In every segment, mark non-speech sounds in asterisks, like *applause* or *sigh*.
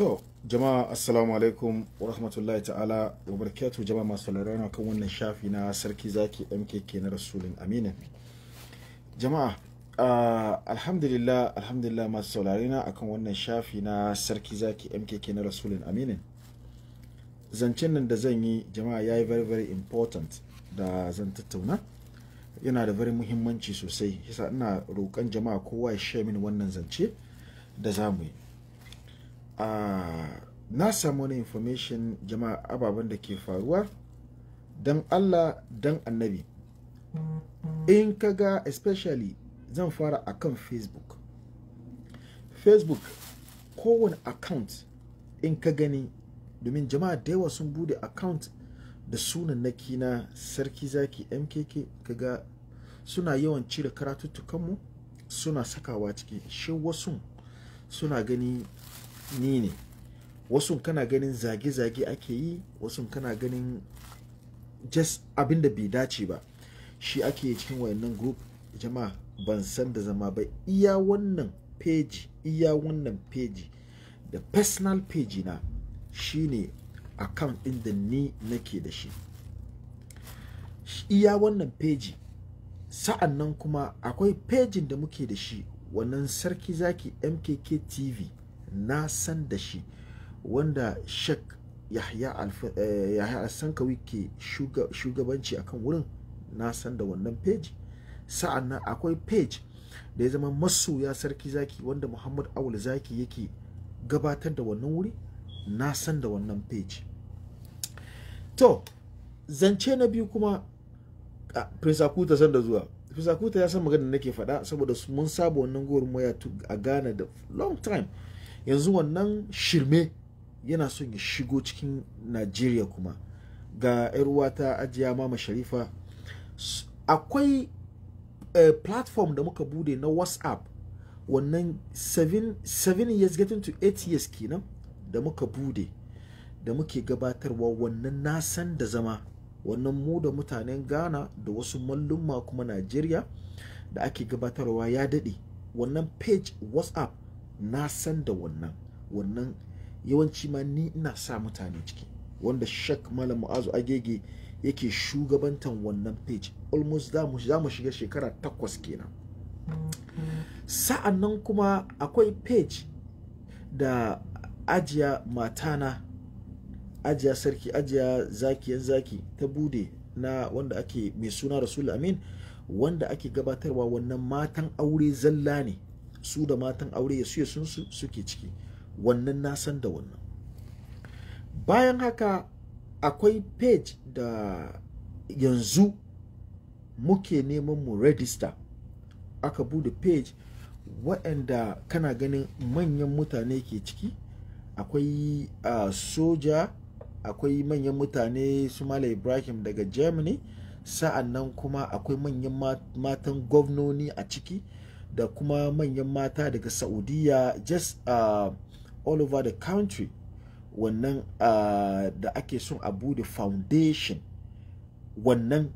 to jama'a assalamu alaikum wa rahmatullahi ta'ala wa barakatuhu jama'a masu sauraron kan wannan shafi na sarki zaki mkk na rasulun aminin jama'a uh, alhamdulillah alhamdulillah masu saurare na akan wannan shafi na sarki zaki mkk na rasulun aminin zancen nan da zan yi jama'a ya yi very very important da zan tattauna yana da very muhimmanci sosai yasa ina roƙon jama'a kowa ya shemin wannan zance da za yi a na samu wani information jama'a ababen da ke faruwa don allah don annabi in ka ga especially zan fara akan facebook facebook kowane account in ka gani domin jama'a da yawa sun bude account da sunan na sarki zaki mkk kaga suna yawan cire karatuttukanmu suna sakawa ciki shi wasu suna gani ni ne wasu kana ganin zage-zage ake yi wasu kana ganin just abin da bai dace ba shi ake yi cikin wayannan group jama'a ban san da zama ba iya wannan page iya wannan page da personal page na shine account din da ni nake da shi iya wannan page sa'an nan kuma akwai pejin da muke da shi wannan sarki zaki mkk tv na san da shi wanda shek eh, yahya al-sankawi ke shugabanci akan wurin na san da wannan page sa'an na akwai page da ya zama masoya sarki zaki wanda muhammad awul zaki yake gabatar da wannan wuri na san da wannan page to zance na biyu kuma prince akuta san da zuwa prince akuta ya san magana nake faɗa saboda mun saba wannan gwagwarmaya a ghana da long time yanzu wannan shirme yana son ya shigo cikin najeriya kuma ga 'yar uwata ajiya mama sharifa akwai uh, platform da muka bude na whatsapp wannan 7 years getting to 8 years kenan da muka bude da muke gabatarwa wannan nasan da zama wannan mu da mutanen ghana da wasu mallumma kuma nigeria da ake gabatarwa ya daɗe wannan page whatsapp na san da wannan wannan yawanci ma ni ina sa mutane ciki wanda shek malam mu'azu agege yake shugabantan wannan page almost za mu shiga shekara takwas kenan sa'an nan kuma akwai page da ajiya matana ajiya sarki ajiya yan zaki ta bude na wanda ake mai suna rasul amin wanda ake gabatarwa wannan matan aure zalla ne su da matan aure ya suya sun su suke ciki wannan na san da wannan bayan haka akwai page da yanzu muke neman mu register aka bude page waɗanda kana ganin manyan mutane ke ciki akwai uh, soja akwai manyan mutane su ibrahim daga germany sa'annan nan kuma akwai manyan matan gwamnoni a ciki da kuma manyan mata daga saudiya just uh, all over the country wannan uh, da ake son a bude foundation wannan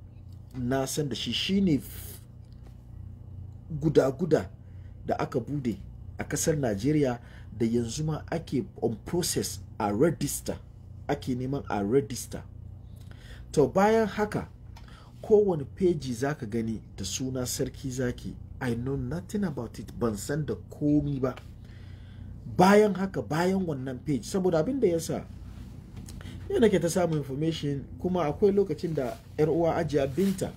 na san da shi shine guda-guda da aka bude a kasar Najeriya da yanzu ma ake on process a register ake neman a register to bayan haka kowane peji zaka gani da suna sarki zaki I know nothing about it ban san da komi ba bayan haka bayan wannan page saboda abin da yasa ne nake ta samun information kuma akwai lokacin da yar uwa ajiya binta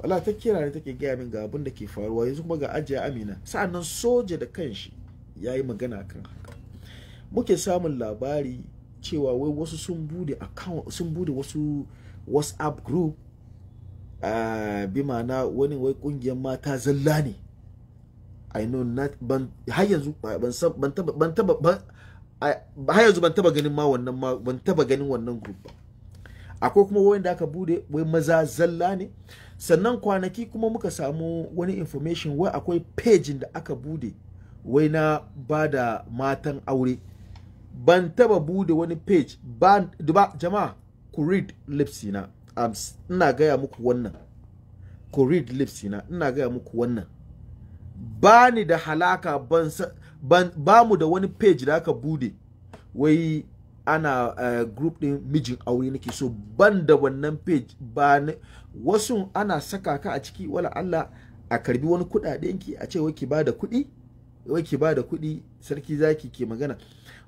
wala ta kira ne take gaya min ga abin da ke faruwa yanzu kuma ga ajiya amina sa'annan soja da kanshi ya yi magana kan haka muke samun labari cewa wai wasu sun account sun bude wasu whatsapp group bi ma'ana wani wai kungiyar mata zalla ne i know not ban har yanzu ban ban taba ban taba ban har yanzu ban taba ganin ma wannan ma ban taba ganin wannan group ba akwai kuma wanda aka bude wai maza zalla ne sannan kwanaki kuma muka samu wani information wai akwai page da aka bude wai na bada matan aure ban taba bude wani page ba jama'a ku read lipsina ina gaya muku wannan ku read lips na ina gaya muku wannan ba ni da halaka ban ba mu da wani page da aka bude wai ana uh, group din mijin aure nake so ban da wannan page ba ne wasu ana saka ka a ciki wala Allah a karbi wani kudaden ki a ce wai ki bada kudi wai ki bada kudi sarki zaki ke magana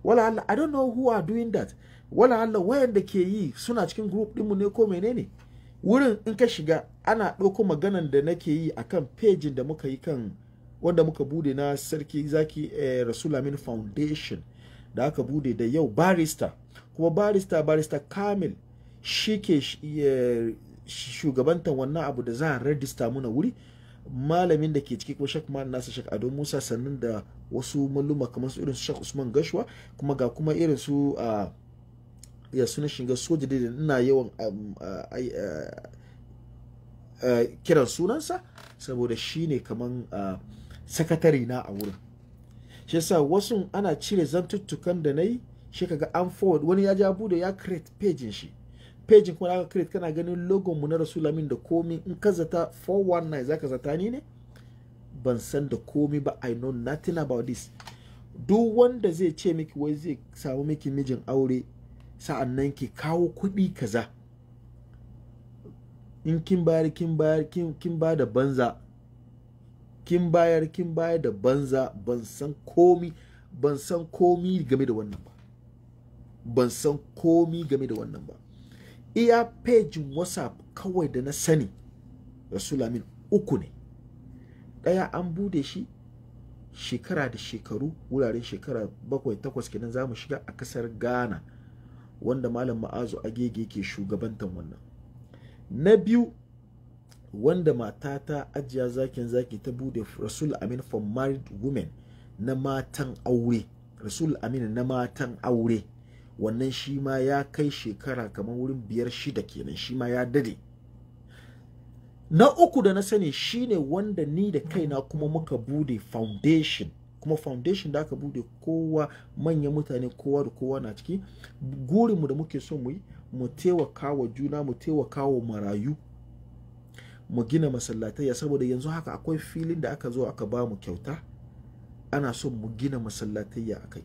wala Allah I don't know who are doing that wala Allah wayanda ke yi suna cikin group ɗinmu ne ko menene wurin in ka shiga ana ɗauko maganan da nake yi akan page da muka yi kan wanda muka bude na sarki zaki eh, rasulamin foundation da aka bude da yau barista kuma barista barista kamil shike shugabantan eh, shugabantar wannan abu da za a rajista muna wuri malamin da ke ciki kuma shak mal nasa shak ado musa sannan da wasu maluma kamar su irin su Usman Gashwa kuma ga kuma irin su a ya suna shiga soja da ina yawan kiran sunansa saboda shi ne kamar sakatari na a wurin shi yasa wasu ana cire zantuttukan da na yi shi kaga an forward wani ya ja bude ya create pejin shi pejin kuma da aka create kana ganin logon mu na rasulamin da komi in ka zata 419 zaka zata ni ne ban san da komi ba i know nothing about this duk wanda zai ce miki wai zai samu miki mijin aure sa'annan ki kawo kuɗi kaza in kin bayar kin bayar kin ba da banza kin bayar kin bayar da banza ban san komi ban san komi game da wannan ba ban san komi game da wannan ba iya pejin whatsapp kawai da na sani rasulamin uku ne ɗaya an bude shi shekara da shekaru wuraren shekara bakwai takwas kenan za mu shiga a kasar ghana wanda malam ma'azu agege ke shugabantan wannan na biyu wanda mata ta ajiya zakin zaki ta bude rasul amin for married women na matan aure rasul amin na matan aure wannan shi ma ya kai shekara kamar wurin biyar shida kenan shi ma ya dade na uku da na sani shine wanda ni da kaina kuma muka bude foundation kuma foundation da aka bude kowa manyan mutane kowa da kowa na ciki gurinmu da muke so mu yi mu taimaka wa juna mu taimaka wa marayu mu gina masallatai saboda yanzu haka akwai filin da aka zo aka ba mu kyauta ana so mu gina masallatai a kai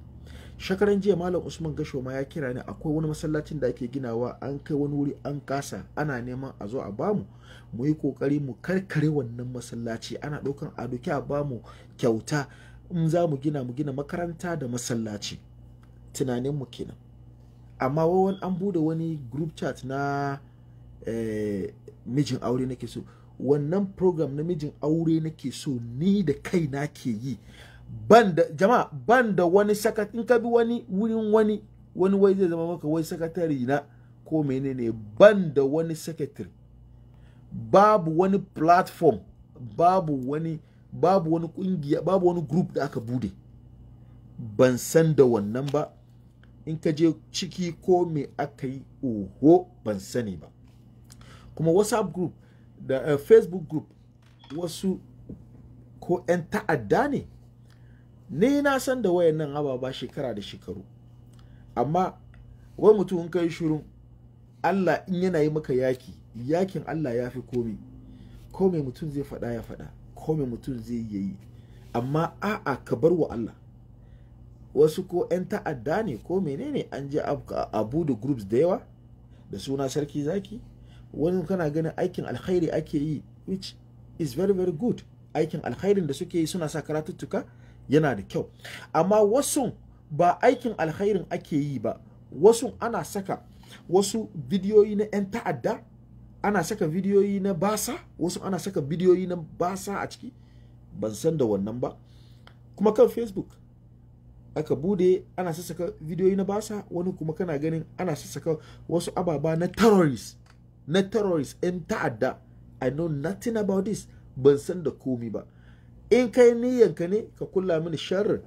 shakaran jiya malam usman gasho ma ya kira ni akwai wani masallacin da ake ginawa an kai wani wuri an kasa ana neman a zo a bamu mu yi kokari mu karkare wannan masallaci ana ɗaukan a doki a bamu kyauta in za mu gina mu gina makaranta da masallaci tunanin mu kenan amma wawan an bude wani group chat na eh, mijin aure nake so wannan program na mijin aure nake so ni da kaina ke yi banda jama'a banda wani in ka bi wani wurin wani wani wai zai zama maka wai sakatari na ko menene banda wani secretary babu wani platform babu wani babu wani kungiya babu wani group da aka bude ban san da wannan ba in ka je ciki ko me aka yi oho ban sani ba kuma whatsapp group da uh, facebook group wasu ko 'yan ta'adda ne ni na san da wayan nan ababa shekara da shekaru amma wai mutum in kai shirun Allah in yana yi maka yaki yakin Allah ya fi komi komai mutum zai fada ya faɗa komai mutum zai yi amma a'a ka bar wa Allah wasu ko 'yan ta'adda ne ko menene an je abu da groups da yawa da suna sarki zaki wani kana ganin aikin alkhairi ake yi which is very very good aikin alkhairin da suke yi suna sa karatuttuka yana da kyau amma wasu ba aikin alkhairin ake yi ba wasu ana saka wasu bidiyoyi na 'yan ta'adda ana saka bidiyoyi na basa wasu ana saka bidiyoyi na basa a ciki ban san da wannan ba kuma kan facebook aka bude ana sassaka bidiyoyi na basa wani kuma kana ganin ana sassaka wasu ababa na terrorist na terrorist 'yan ta'adda i know nothing about this ban san da komi ba in kai niyyanka ne ka kulla mini sharrin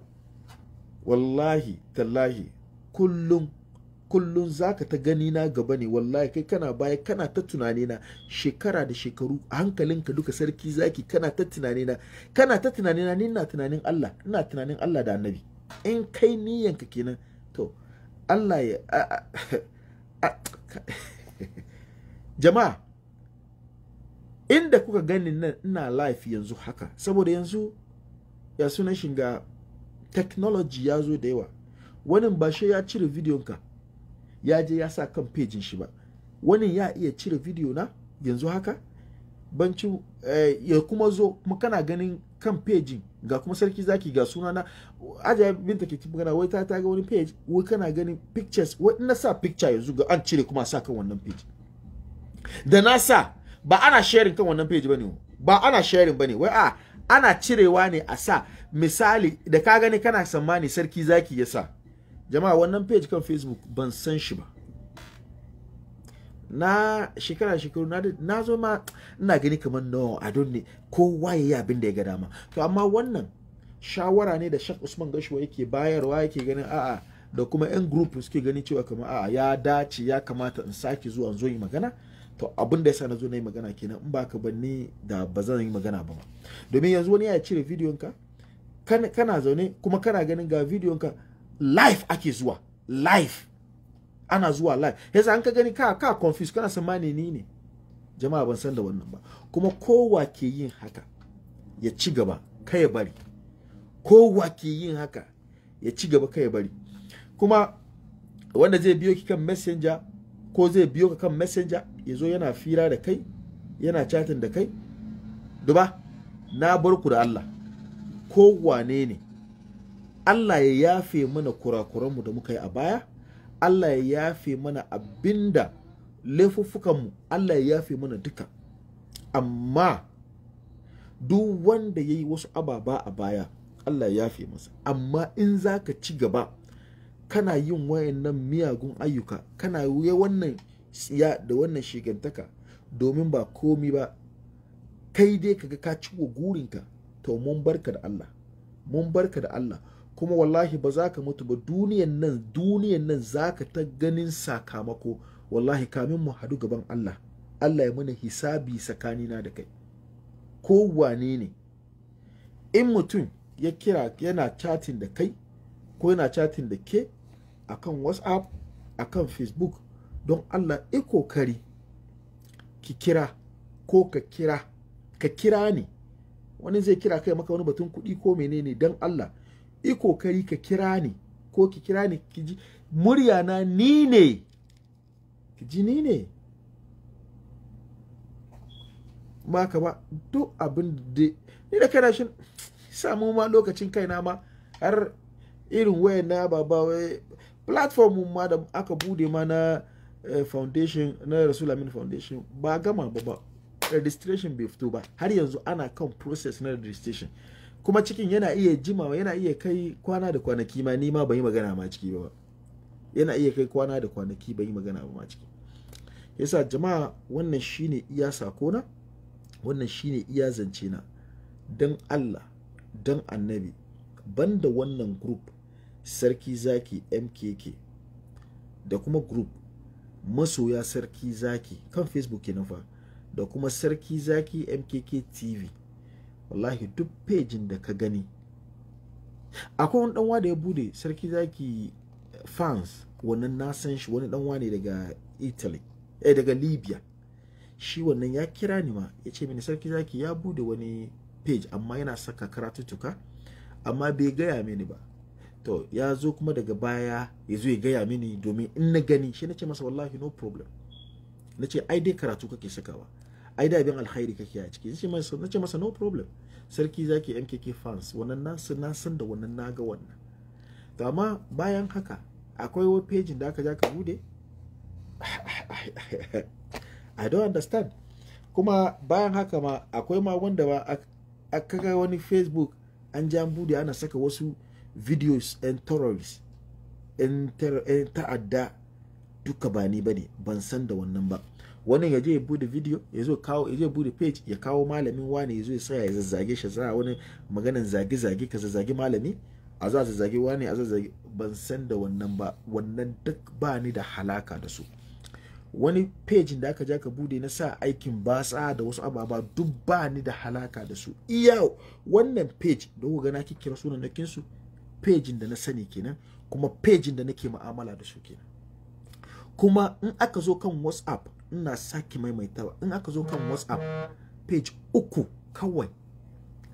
wallahi tallahi kullum kullum zaka ta gani na gaba ne wallahi kai kana baya kana ta tunani na shekara da shekaru a hankalinka duka sarki zaki kana ta tunani na kana ta tunani na ni ina tunanin Allah ina tunanin Allah da annabi in kai niyyanka kenan to Allah ya *laughs* jama'a inda kuka gani nan ina life yanzu haka saboda yanzu ya suna shiga technology ya zo da yawa wani ba shi ya cire bidiyon ka ya je ya sa kan pejin shi ba wani ya iya cire bidiyo na yanzu haka banci eh, ya kuma zo kuma kana ganin kan pejin ga kuma sarki zaki ga suna na aja binta ke kana wai ta ta ga wani page wai kana ganin pictures wai na sa picture yanzu ga an cire kuma sa kan wannan page da na sa ba ana sharing kan wannan page bane ba ana sharing bane wai a ah, ana cirewa ne a sa misali da ka gani kana sammani sarki zaki ya sa jama'a wannan page kan facebook ban san shi ba na shekara shekaru na na zo ma ina gani kamar no i don't ne kowa ya yi abin ya ga dama to amma wannan shawara ne da shak usman gashuwa yake bayarwa yake ganin a'a da kuma yan group suke ganin cewa kamar a'a ya dace ya kamata in sake zuwa zo yi magana to abin da yasa na zo na yi magana kenan in ba ka ba da ba zan yi magana ba domin yanzu wani ya cire bidiyon ka kana zaune kuma kana ganin ga bidiyon ka live ake zuwa live ana zuwa live yasa an ka gani ka ka confuse kana tsammani ni ne jama'a ban san da wannan ba kuma kowa ke yin haka ya ci gaba kai ya bari kowa ke yin haka ya ci gaba kai ya bari kuma wanda zai biyo ki kan messenger ko zai biyo ka kan messenger ya zo yana fira da kai yana chatin da kai duba na bar ku da Allah ko wane ne Allah ya yafe mana kurakuran mu da muka yi a baya Allah ya yafe mana abinda laifuffukanmu Allah ya yafe mana duka amma duk wanda yayi wasu ababa a baya Allah ya yafe masa amma in zaka ci gaba kana yin wayannan miyagun ayyuka kana yi wannan tsiya da wannan shigantaka domin ba komi ba kai dai kaga ka ci wa gurinka to mun barka da Allah mun barka da Allah kuma wallahi ba za ka mutu ba duniyan nan duniyan nan za ka ta ganin sakamako wallahi kamin mu hadu gaban Allah Allah ya mana hisabi tsakanina da kai ko wane ne in mutum ya kira yana chatting da kai ko yana chatting da ke akan whatsapp akan facebook don Allah i kokari ki kira ko ka kira ka kira ni wani zai kira kai maka wani batun kuɗi ko menene don Allah i kokari ka kira ni ko ki kira ni ki ji murya na ni ne ki ji ni ne ba ka ba duk abin da ni da kana shin samu ma lokacin kaina ma har irin wayan na baba platform ma da aka bude ma na Eh, foundation na rasul amin foundation ba gama ba ba registration bai fito ba har yanzu ana kan process na registration kuma cikin yana iya jimawa yana iya kai kwana da kwanaki ma ni ma ban yi magana ma ciki ba yana iya kai kwana da kwanaki ban yi magana ba ma ciki yasa jama'a wannan shine iya sako na wannan shine iya zance na dan Allah dan annabi banda wannan group sarki zaki mkk da kuma group masoya sarki zaki kan facebook ke fa da kuma sarki zaki mkk tv wallahi duk pejin da ka gani akwai wani danwa da ya bude sarki zaki fans wannan na san shi wani danwa ne daga italy eh daga libya shi wannan ya kira ni ma ya ce mini sarki zaki ya bude wani page amma yana saka karatuttuka amma bai gaya mini ba to ya zo kuma daga baya ya zo ya gaya mini domin in na gani shi na ce masa wallahi no problem na ce ai dai karatu kake sakawa ai da abin alkhairi kake a ciki na ce masa no problem sarki zaki mkk fans wannan nasu na san da wannan na ga wannan to amma bayan haka akwai wani pejin da aka ja ka bude *laughs* i don't understand kuma bayan haka ma akwai ma wanda ba aka ga wani facebook an ja bude ana saka wasu videos and terrorist ta ta'adda duka ba ni bane ban san da wannan ba wannan ya je ya bude video ya kawo ya bude page ya kawo malamin wani ya zo ya tsaya ya zazzage shi za wani maganan zage zage ka zazzage malami a za zazzage wani a zazzage ban san da wannan ba wannan duk ba ni da halaka da su wani page da aka ja ka bude na sa aikin batsa da wasu ababa duk ba ni da halaka da su iya wannan page da kuka na kira sunan nakin su pejin da na sani kenan kuma pejin da nake mu'amala da su kenan kuma in aka zo kan whatsapp ina sake maimaitawa in aka zo kan whatsapp page uku kawai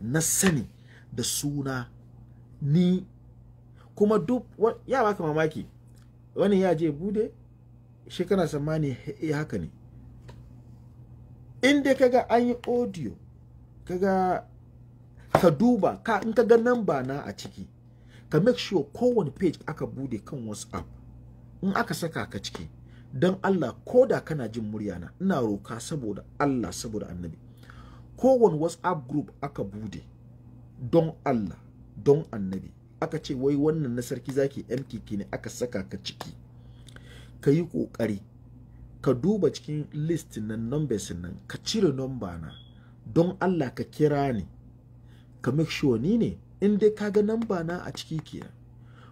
na sani da suna ni kuma duk ya baka mamaki wani ya je bude shi kana tsammani ya eh, haka ne in kaga an yi audio kaga ka duba ka in kaga namba na a ciki ka make sure kowane page aka bude kan whatsapp in aka saka ka ciki dan Allah ko kana jin murya na ina roka saboda Allah saboda annabi kowane whatsapp group aka bude don Allah don annabi aka ce wai wannan na sarki zaki mkk ne aka saka ka ciki ka yi ƙoƙari ka duba cikin list na numbers nan ka cire number na don Allah ka kira ni ka make sure ni ne in dai ka ga namba na a ciki kenan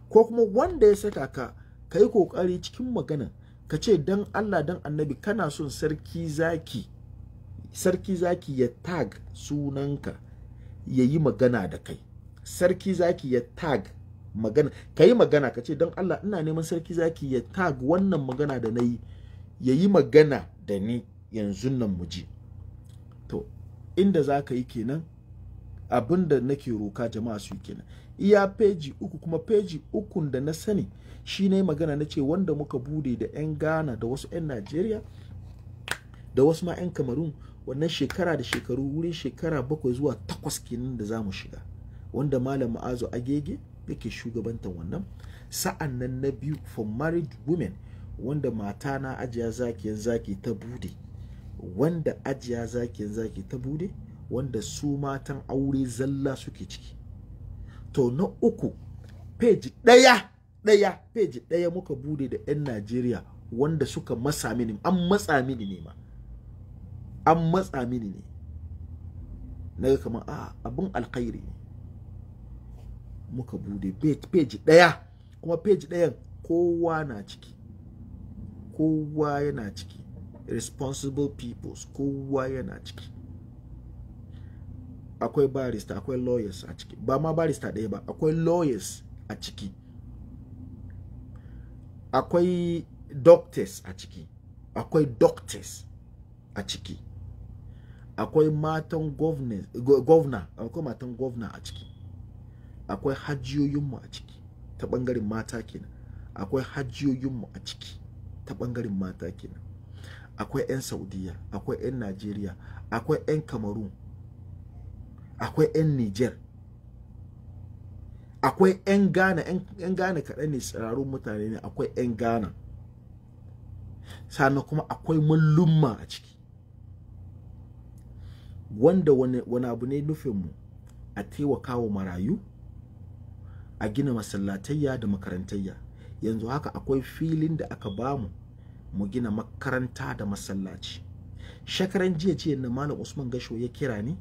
ko kuma wanda ya saka ka ka yi kokari cikin magana ka ce dan Allah dan annabi kana son sarki zaki sarki zaki ya tag sunanka ya yi magana da kai sarki zaki ya tag magana ka yi magana ka ce don Allah ina neman sarki zaki ya tag wannan magana da na yi ya yi magana da ni yanzu nan muji to inda za ka yi kenan abin da nake roka jama'a su kenan iya peji uku kuma peji ukun da na sani shi ne magana na ce wanda muka bude da 'yan ghana da wasu 'yan najeriya da wasu ma 'yan kamarun wannan shekara da shekaru wurin shekara bakwai zuwa takwas kenan da za mu shiga wanda malam a agege yake shugabantan wannan sa'an nan na biyu for married women wanda mata na ajiya zakiyan zaki ta bude wanda ajiya zakiyan zaki ta bude wanda su matan aure zalla suke ciki to na uku peji ɗaya ɗaya peji ɗaya muka bude da 'yan najeriya wanda suka matsa mini an matsa mini ne ma an matsa mini ne na kamar a abun alkhairi muka bude peji ɗaya kuma peji ɗayan kowa na ciki kowa yana ciki responsible peoples kowa yana ciki akwai barista akwai lawyers a ciki ba ma barista ɗaya ba akwai lawyers a ciki akwai doctors a ciki akwai doctors a ciki akwai matan governor akwai matan governor a ciki akwai hajiyoyinmu a ciki ta ɓangaren mata kenan akwai hajiyoyinmu a ciki ta ɓangaren mata kenan akwai 'yan saudiya akwai 'yan najeriya akwai 'yan cameroon akwai 'yan niger akwai 'yan ghana 'yan ghana kaɗan ne tsirarun mutane ne akwai 'yan ghana sannan kuma akwai mallumma a ciki wanda wani abu ne nufinmu a taimaka wa marayu a gina masallatayya da makarantayya yanzu haka akwai filin da aka bamu mu gina makaranta da masallaci shekaran jiya ce na malam usman gasho ya kira ni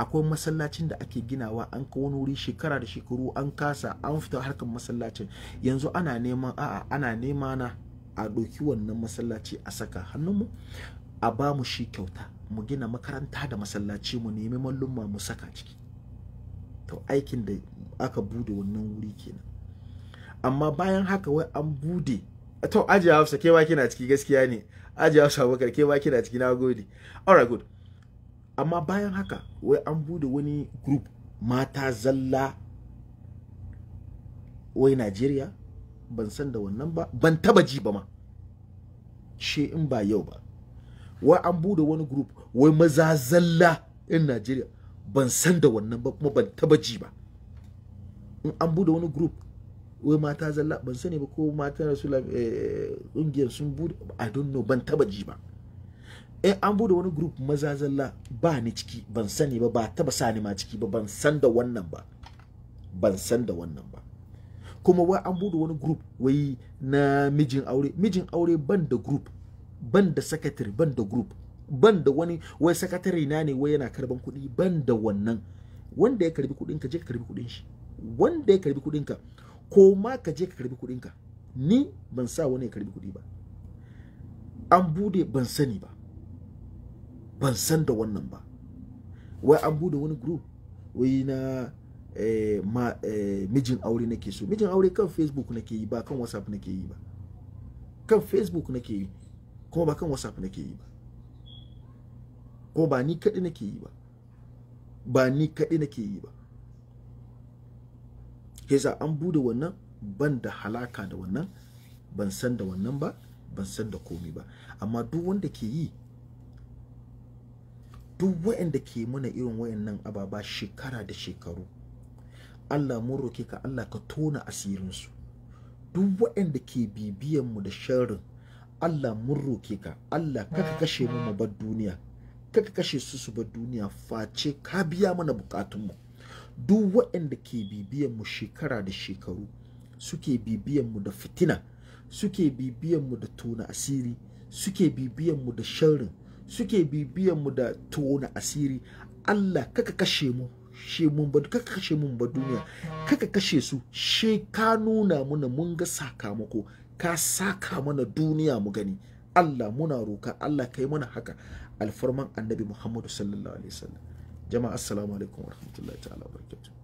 akwai masallacin da ake ginawa an ka wani wuri shekara da shekaru an kasa an fita harkar masallacin yanzu ana neman a'a ana nema na a ɗauki wannan masallaci a saka hannunmu a ba mu shi kyauta mu gina makaranta da masallaci mu nemi mallumma mu saka ciki to aikin da aka bude wannan wuri kenan amma bayan haka wai an bude to ajiya hafsa ke ma kina ciki gaskiya ne ajiya hafsa bakar ke ma kina ciki na gode all right good amma bayan haka wai an bude wani group mata zalla wai Najeriya ban san da wannan ba ban taba ji ba ma she in ba yau ba wai an bude wani group wai maza zalla in Najeriya ban san da wannan ba kuma ban taba ji ba in an bude wani group wai mata zalla ban sani ba ko mata rasulullahi eh, sun bude i don't know ban taba ji ba in eh, an bude wani group maza ba ni ciki ban sani ba ba taba sa ni ma ciki ba ban san da wannan ba ban san da wannan ba kuma wai an bude wani group wai na mijin aure mijin aure ban da group ban da secretary ban da group ban da wani wai secretary na ne wai yana karban kuɗi ban da wannan wanda ya karbi ka je ka karbi kuɗin shi wanda ya karbi ka ko ma ka je ka karbi ka ni ban sa wani ya karbi kuɗi ba an bude ban sani ba ban san da wannan ba wai an bude wani group wai na eh, ma eh, mijin aure nake so mijin aure kan facebook nake yi ba kan whatsapp nake yi ba kan facebook nake yi kuma ba kan whatsapp nake yi ba ko ba ni kaɗai nake yi ba ba ni kaɗai nake yi ba yasa an bude wannan ban da halaka da wannan ban san da wannan ba ban san da komi ba amma duk wanda ke yi duk waɗanda ke mana irin wayannan ababa shekara da shekaru Allah mun roke ka Allah ka tona asirinsu duk waɗanda ke bibiyan mu da sharrin Allah mun roke ka Allah kaka kashe mu mu bar duniya kaka kashe su su bar duniya face ka biya mana bukatunmu duk waɗanda ke bibiyan mu shekara da shekaru suke bibiyan da fitina suke bibiyan da tona asiri suke bibiyan mu da sharrin suke bibiyan mu da tona asiri Allah kaka kashe mu she mun ba kaka kashe mun ba duniya kaka kashe su she ka nuna muna mun ga sakamako ka saka mana duniya mu gani Allah muna roka Allah kai mana haka alfarman annabi Muhammadu sallallahu alaihi wasallam jama'a assalamu alaikum warahmatullahi ta'ala wabarakatuh